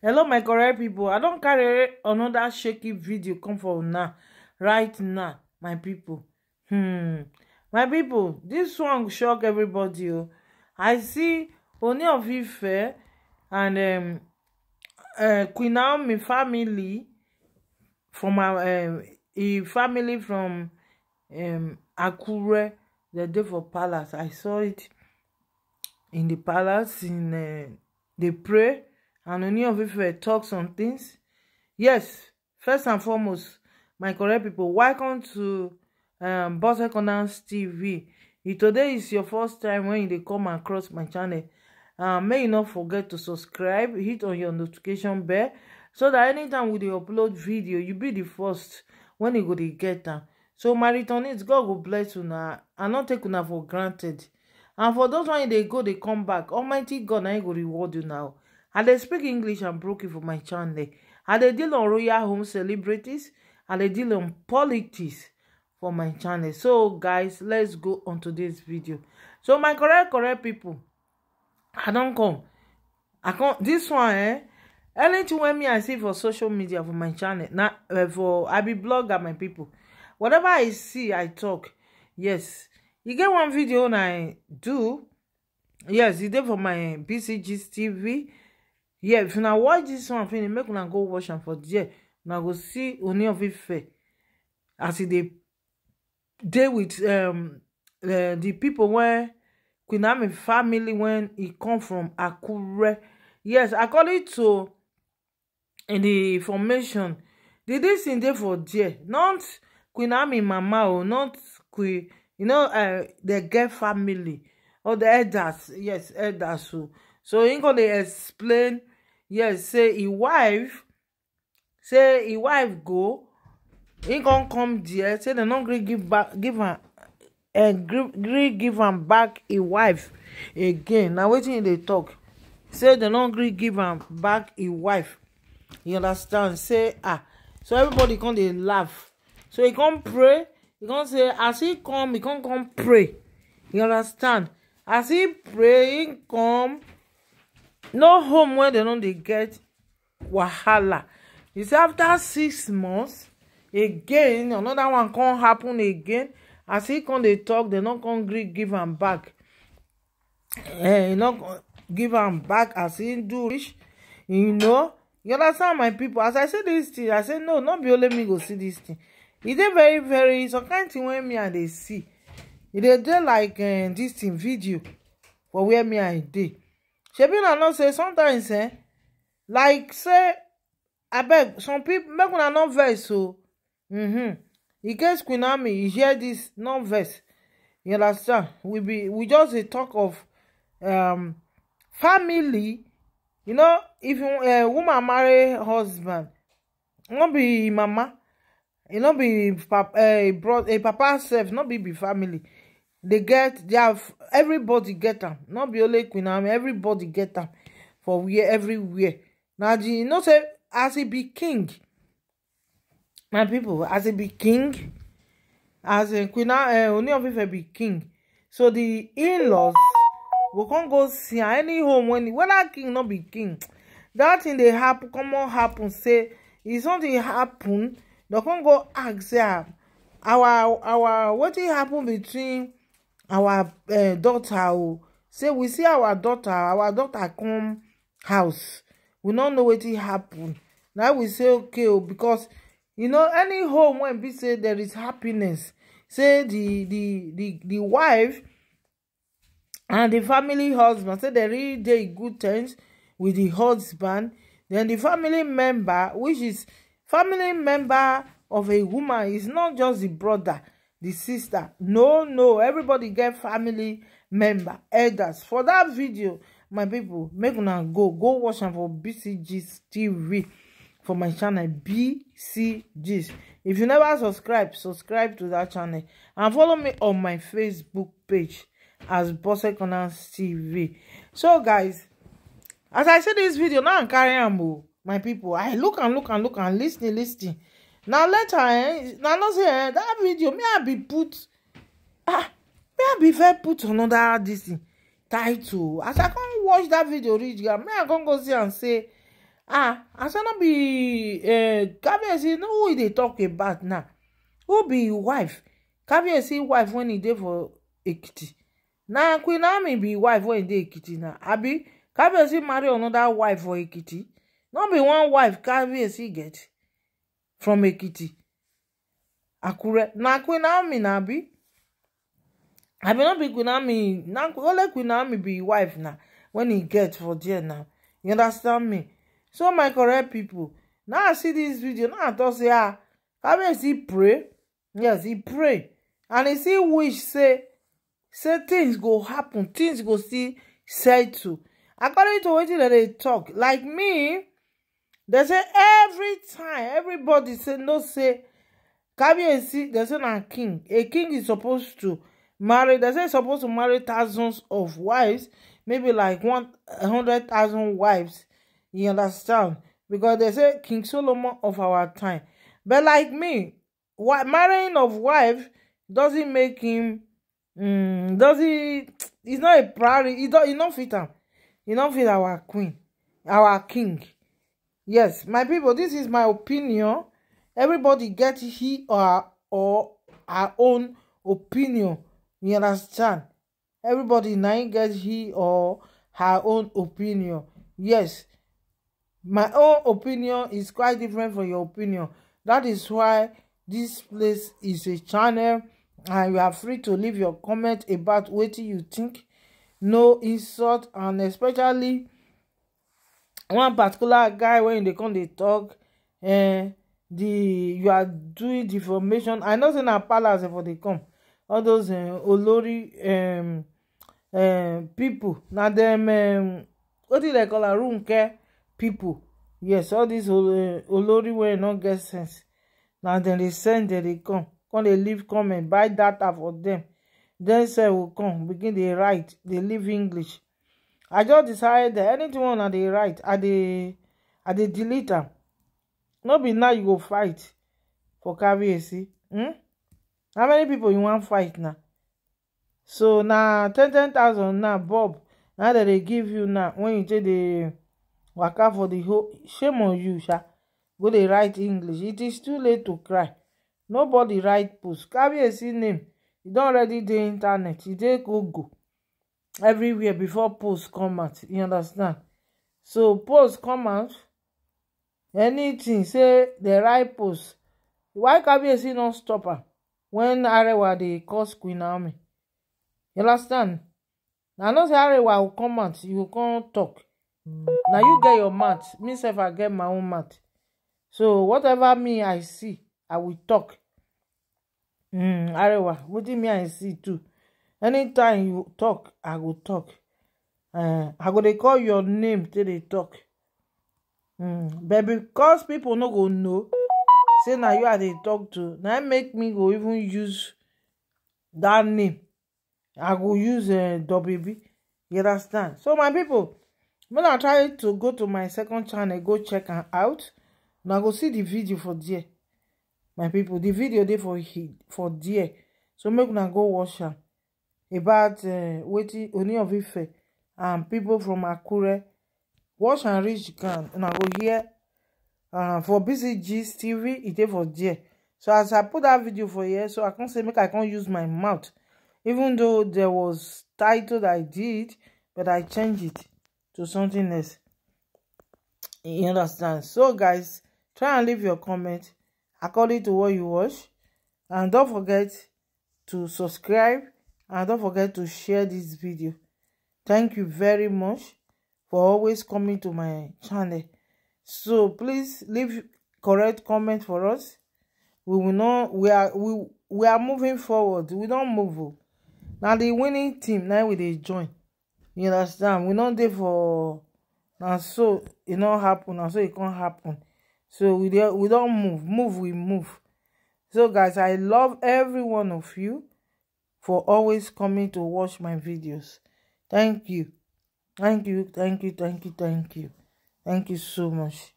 hello my correct people. i don't carry another shaky video come for now right now my people. hmm my people. This one shock everybody o oh. i see only of ife and um, uh, queen naomi family from um, uh, im eh, e family from um, akure the Devil palace i saw it in the palace in uh, eh, dey pray and any of Ife talk some things. Yes, first and foremost, my correct people, welcome to um, Bose Corners TV. If today is your first time when you come across my channel, uh, may you not forget to subscribe, hit on your notification bell, so that anytime we upload video, you be the first when you go to get them. So my returnees, God will bless you now and not take una for granted. And for those when they go, they come back. Almighty God I him go reward you now i they speak english and broken for my channel i they deal on royal home celebrities i they deal on politics for my channel so guys let's go on to this video so my correct correct people, i don't come i come this one eh anything wey me i see for social media for my channel na eh, for i be blogger my people. whatever i see i talk yes you get one video and i do yes you e did for my bcg tv yeah if una watch this one finish make una go watch and for there Now go see only of ife as they e deal with um uh, di pipo wey queen ami family when e come from akure yes according to in the information di dis thing there for there not queen ami mama or not queen you know uh, the get family or the elders yes elders o so im e gonna explain yes say him wife say him wife go he con come there say they no gree give back give am eh, gree give am back him wife again na wetin e dey talk? say they no gree give am back him wife you understand say ah so everybody come dey laugh so he come pray He con say as e come He con come pray you understand as e pray e come no home where they no they get wahala you see after six months again anoda one con happen again as e con dey talk they no con gree give am back eh e no give am back as e do rich, you know you understand my people? as i say this thing i say no not be let me go see this thing e dey very very some kind thing wey me and they see It e is dey like eh, this thing video for where me and they shebi na know say sometimes eh like say abeg some people make una no vex o oh. mm-hmm. in case queen army you hear this no vex you understand we be we just dey talk of um, family you know if uh, woman marry husband no be mama e no be eh, eh, papa sef no be be family They get they have everybody get them. not be only queen I mean everybody get them, for we everywhere Now di you know say as he be king my people, as he be king as queen eh, only of ife be king so the in-laws we can't go see any home when when whether king not be king That thing they happen come on happen say if something happen they can't go ask them. Ah, our our what wetin happen between our uh, daughter o say we see our daughter our daughter come house we no know what it happen Now we say okay o because you know any home when we say there is happiness say the the the the wife and the family husband say dem really dey good things with the husband then the family member which is family member of a woman is not just the brother the sister no no everybody get family member elders for that video my people. make now go go watch am for bcg tv for my channel bcg if you never subscribe subscribe to that channel and follow me on my facebook page as boseconance tv so guys as i see this video now i'm carry on, oh, my people. i look and look and look and lis ten na later eh na know say eh dat video may i be put ah may i be fair put another dis title as i come watch dat video reach am may i come go see am say ah as i no be eh kabiyesi know who e dey talk about now who be im wife kabiyesi wife wen e dey for ekiti na queen naomi be wife wen e dey ekiti na abi kabiyesi marry another wife for ekiti no be one wife kabiyesi get from Ekiti. Akure. Na Queen Naomi na be. I be not be Queen Naomi. Na only Queen Naomi be wife na when he get for there now. You understand me? So my correct people, now I see this video, now I thought say ah, Kabiyesi he pray. Yes, he pray. And he see wish say say things go happen, things go see said settle. According to wetin dem dey talk, like me, dem say every time everybody say no say kabiyesi dem say na king a king is supposed to marry dem say e suppose to marry thousands of wives maybe like one hundred thousand wives you understand because dem say king solomon of our time but like me marrying of wife doesn't make him um, mm, he? he's not a priority he, don't. he don't fit am he don't fit our queen our king yes my people this is my opinion everybody get he or or her own opinion you understand everybody now get he or her own opinion yes my own opinion is quite different from your opinion that is why this place is a channel and you are free to leave your comment about what you think no insult and especially one particular guy wey dey come dey talk. eh di you are doing deformation i know say na palace for dey come all those eh, olori um, um, pipo na dem um, what do they call am runke pipo yes all dis eh, olori wey no get sense na dem dey send dem dey come come dey leave comment buy data for dem dem sef go come begin dey write dey leave english i just decide that anything one i dey write i dey i dey delete am no be now you go fight for caviarcy e. hmm how many people you want fight now? so now ten ten thousand now bob Now that they give you now when you take dey waka for the whole shame on you sha go dey write english it is too late to cry nobody write post caviarcy e name e don't already the internet e dey google everywhere before post come out you understand so post come out anything say the right post why KBC no stop am when arewa dey cause queen army? you understand Now no say arewa go come out you can't talk Now you get your mat. me sef i get my own mat. so whatever me i see i will talk mm, arewa wetin me i see too anytime you talk i go talk uh, i go dey call your name till they talk mm. but because people not go know say na you are they talk to now make me go even use that name i go use uh, eh, wb you understand so my people, when i try to go to my second channel go check her out Now go see the video for there my people. The video there for he for there so make now go watch her about eh, waiting only of ife and people from akure watch and reach can and i go hear uh, for bcg tv it e is for there so as i put that video for here so i can't say make i can't use my mouth even though there was title i did but i change it to something else you understand so guys try and leave your comment according to what you watch and don't forget to subscribe and don't forget to share this video thank you very much for always coming to my channel so please leave correct comment for us we will not we are we we are moving forward we don't move oh. now. the winning team now we dey join you understand we not there for na so it e not happen na so it e can't happen so we dey we don't move move we move so guys i love every one of you for always coming to watch my videos. Thank you. Thank you, thank you, thank you, thank you. Thank you so much.